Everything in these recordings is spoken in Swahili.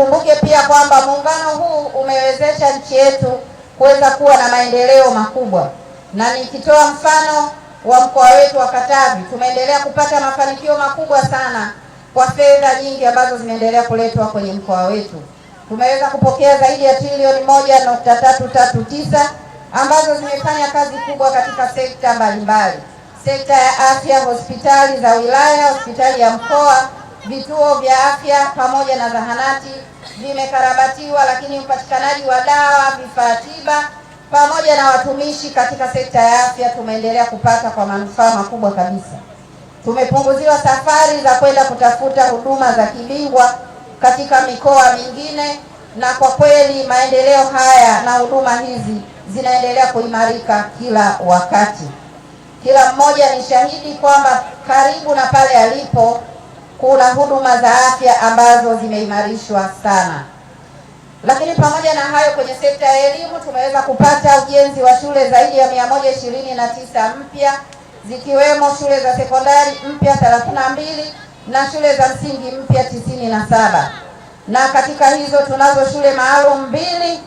Tukumbuke pia kwamba muungano huu umewezesha nchi yetu kuweza kuwa na maendeleo makubwa, na nikitoa mfano wa mkoa wetu wa Katavi, tumeendelea kupata mafanikio makubwa sana kwa fedha nyingi ambazo zimeendelea kuletwa kwenye mkoa wetu. Tumeweza kupokea zaidi ya trilioni moja nukta tatu tatu tisa ambazo zimefanya kazi kubwa katika sekta mbalimbali, sekta ya afya, hospitali za wilaya, hospitali ya mkoa vituo vya afya pamoja na zahanati vimekarabatiwa, lakini upatikanaji wa dawa, vifaa tiba pamoja na watumishi katika sekta ya afya tumeendelea kupata kwa manufaa makubwa kabisa. Tumepunguziwa safari za kwenda kutafuta huduma za kibingwa katika mikoa mingine, na kwa kweli maendeleo haya na huduma hizi zinaendelea kuimarika kila wakati. Kila mmoja ni shahidi kwamba karibu na pale alipo kuna huduma za afya ambazo zimeimarishwa sana. Lakini pamoja na hayo, kwenye sekta ya elimu tumeweza kupata ujenzi wa shule zaidi ya mia moja ishirini na tisa mpya zikiwemo shule za sekondari mpya thelathini na mbili na shule za msingi mpya tisini na saba na katika hizo tunazo shule maalum mbili,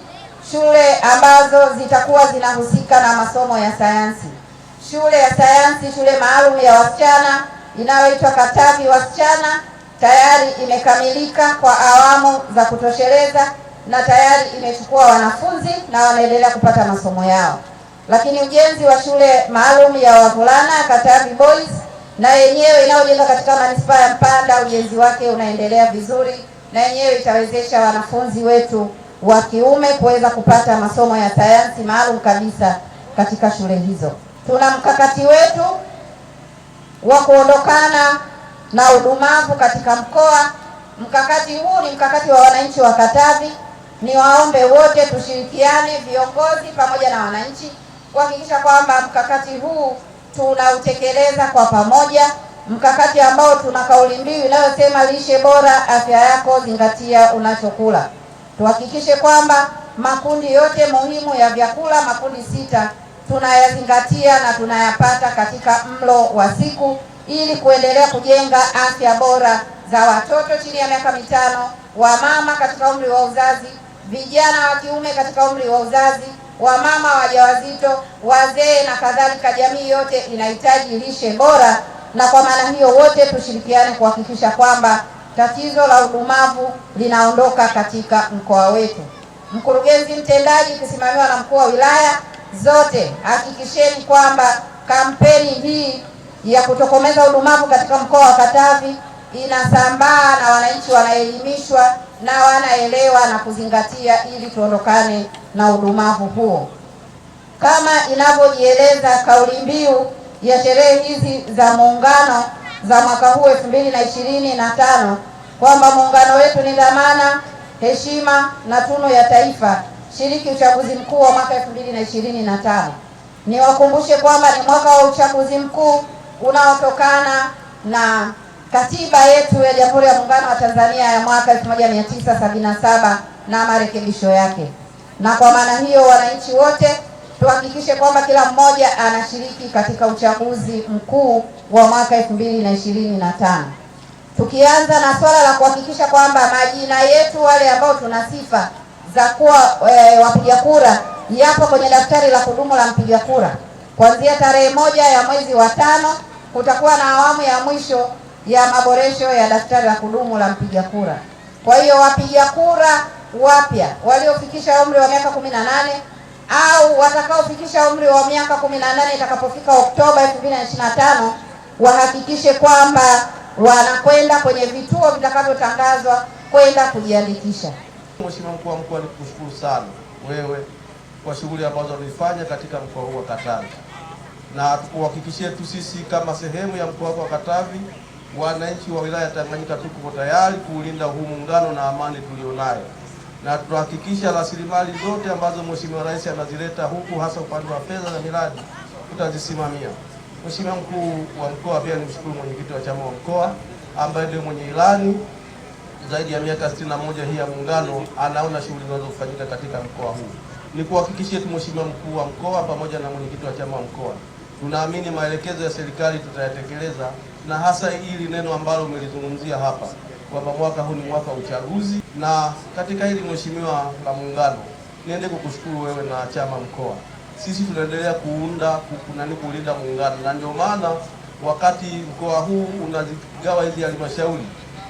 shule ambazo zitakuwa zinahusika na masomo ya sayansi, shule ya sayansi, shule maalum ya wasichana inayoitwa Katavi Wasichana tayari imekamilika kwa awamu za kutosheleza na tayari imechukua wanafunzi na wanaendelea kupata masomo yao, lakini ujenzi wa shule maalum ya wavulana Katavi Boys na yenyewe inayojenga katika manispaa ya Mpanda, ujenzi wake unaendelea vizuri, na yenyewe itawezesha wanafunzi wetu wa kiume kuweza kupata masomo ya sayansi maalum kabisa katika shule hizo. Tuna mkakati wetu wa kuondokana na udumavu katika mkoa. Mkakati huu ni mkakati wa wananchi wa Katavi. Ni waombe wote tushirikiane, viongozi pamoja na wananchi, kuhakikisha kwamba mkakati huu tunautekeleza kwa pamoja, mkakati ambao tuna kauli mbiu inayosema lishe bora, afya yako, zingatia unachokula. Tuhakikishe kwamba makundi yote muhimu ya vyakula, makundi sita tunayazingatia na tunayapata katika mlo wa siku ili kuendelea kujenga afya bora za watoto chini ya miaka mitano, wamama katika umri wa uzazi, vijana wa kiume katika umri wa uzazi, wamama wajawazito, wazee na kadhalika. Jamii yote inahitaji lishe bora, na kwa maana hiyo wote tushirikiane kuhakikisha kwamba tatizo la udumavu linaondoka katika mkoa wetu. Mkurugenzi mtendaji kusimamiwa na mkuu wa wilaya zote hakikisheni kwamba kampeni hii ya kutokomeza udumavu katika mkoa wa Katavi inasambaa na wananchi wanaelimishwa na wanaelewa na kuzingatia ili tuondokane na udumavu huo. Kama inavyojieleza kauli mbiu ya sherehe hizi za muungano za mwaka huu elfu mbili na ishirini na tano kwamba muungano wetu ni dhamana, heshima na tunu ya taifa shiriki uchaguzi mkuu wa mwaka 2025. Niwakumbushe kwamba ni mwaka wa uchaguzi mkuu unaotokana na katiba yetu ya Jamhuri ya Muungano wa Tanzania ya mwaka 1977 na marekebisho yake. Na kwa maana hiyo, wananchi wote tuhakikishe kwamba kila mmoja anashiriki katika uchaguzi mkuu wa mwaka 2025. Tukianza na swala la kuhakikisha kwamba majina yetu wale ambao tuna sifa za kuwa e, wapiga kura yapo kwenye daftari la kudumu la mpiga kura. Kuanzia tarehe moja ya mwezi wa tano kutakuwa na awamu ya mwisho ya maboresho ya daftari la kudumu la mpiga kura. Kwa hiyo wapiga kura wapya waliofikisha umri wa miaka kumi na nane au watakaofikisha umri wa miaka kumi na nane itakapofika Oktoba 2025 wahakikishe kwamba wanakwenda kwenye vituo vitakavyotangazwa kwenda kujiandikisha. Mheshimiwa mkuu wa mkoa, nikushukuru sana wewe kwa shughuli ambazo ulifanya katika mkoa huu wa Katavi, na tukuhakikishie tu sisi kama sehemu ya mkoa wako wa Katavi, wananchi wa wilaya ya Tanganyika tuko tayari kuulinda huu muungano na amani tulionayo, na tutahakikisha rasilimali zote ambazo Mheshimiwa Rais anazileta huku, hasa upande wa fedha na miradi, tutazisimamia. Mheshimiwa mkuu wa mkoa, pia nimshukuru mwenyekiti wa chama wa mkoa ambaye ndio mwenye ilani zaidi ya miaka 61 hii ya Muungano, anaona shughuli zinazofanyika katika mkoa huu. Ni kuhakikishie tu Mheshimiwa mkuu wa mkoa pamoja na mwenyekiti wa chama wa mkoa, tunaamini maelekezo ya serikali tutayatekeleza, na hasa hili neno ambalo umelizungumzia hapa kwamba mwaka huu ni mwaka wa uchaguzi. Na katika hili Mheshimiwa la Muungano, niende kukushukuru wewe na chama mkoa, sisi tunaendelea kuunda kunani, kulinda Muungano, na ndio maana wakati mkoa huu unazigawa hizi halmashauri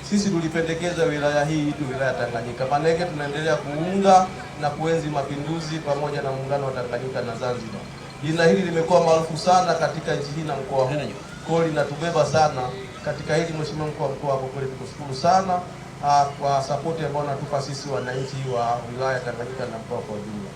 sisi tulipendekeza wilaya hii itu wilaya Tanganyika. Maana yake tunaendelea kuunga na kuenzi mapinduzi pamoja na muungano wa Tanganyika na Zanzibar. Jina hili limekuwa maarufu sana katika nchi hii na mkoa huu, kwa linatubeba sana katika hili. Mheshimiwa mkuu wa mkoa, kwa kweli tukushukuru sana ah, kwa sapoti ambayo natupa sisi wananchi wa wilaya Tanganyika na mkoa kwa ujumla.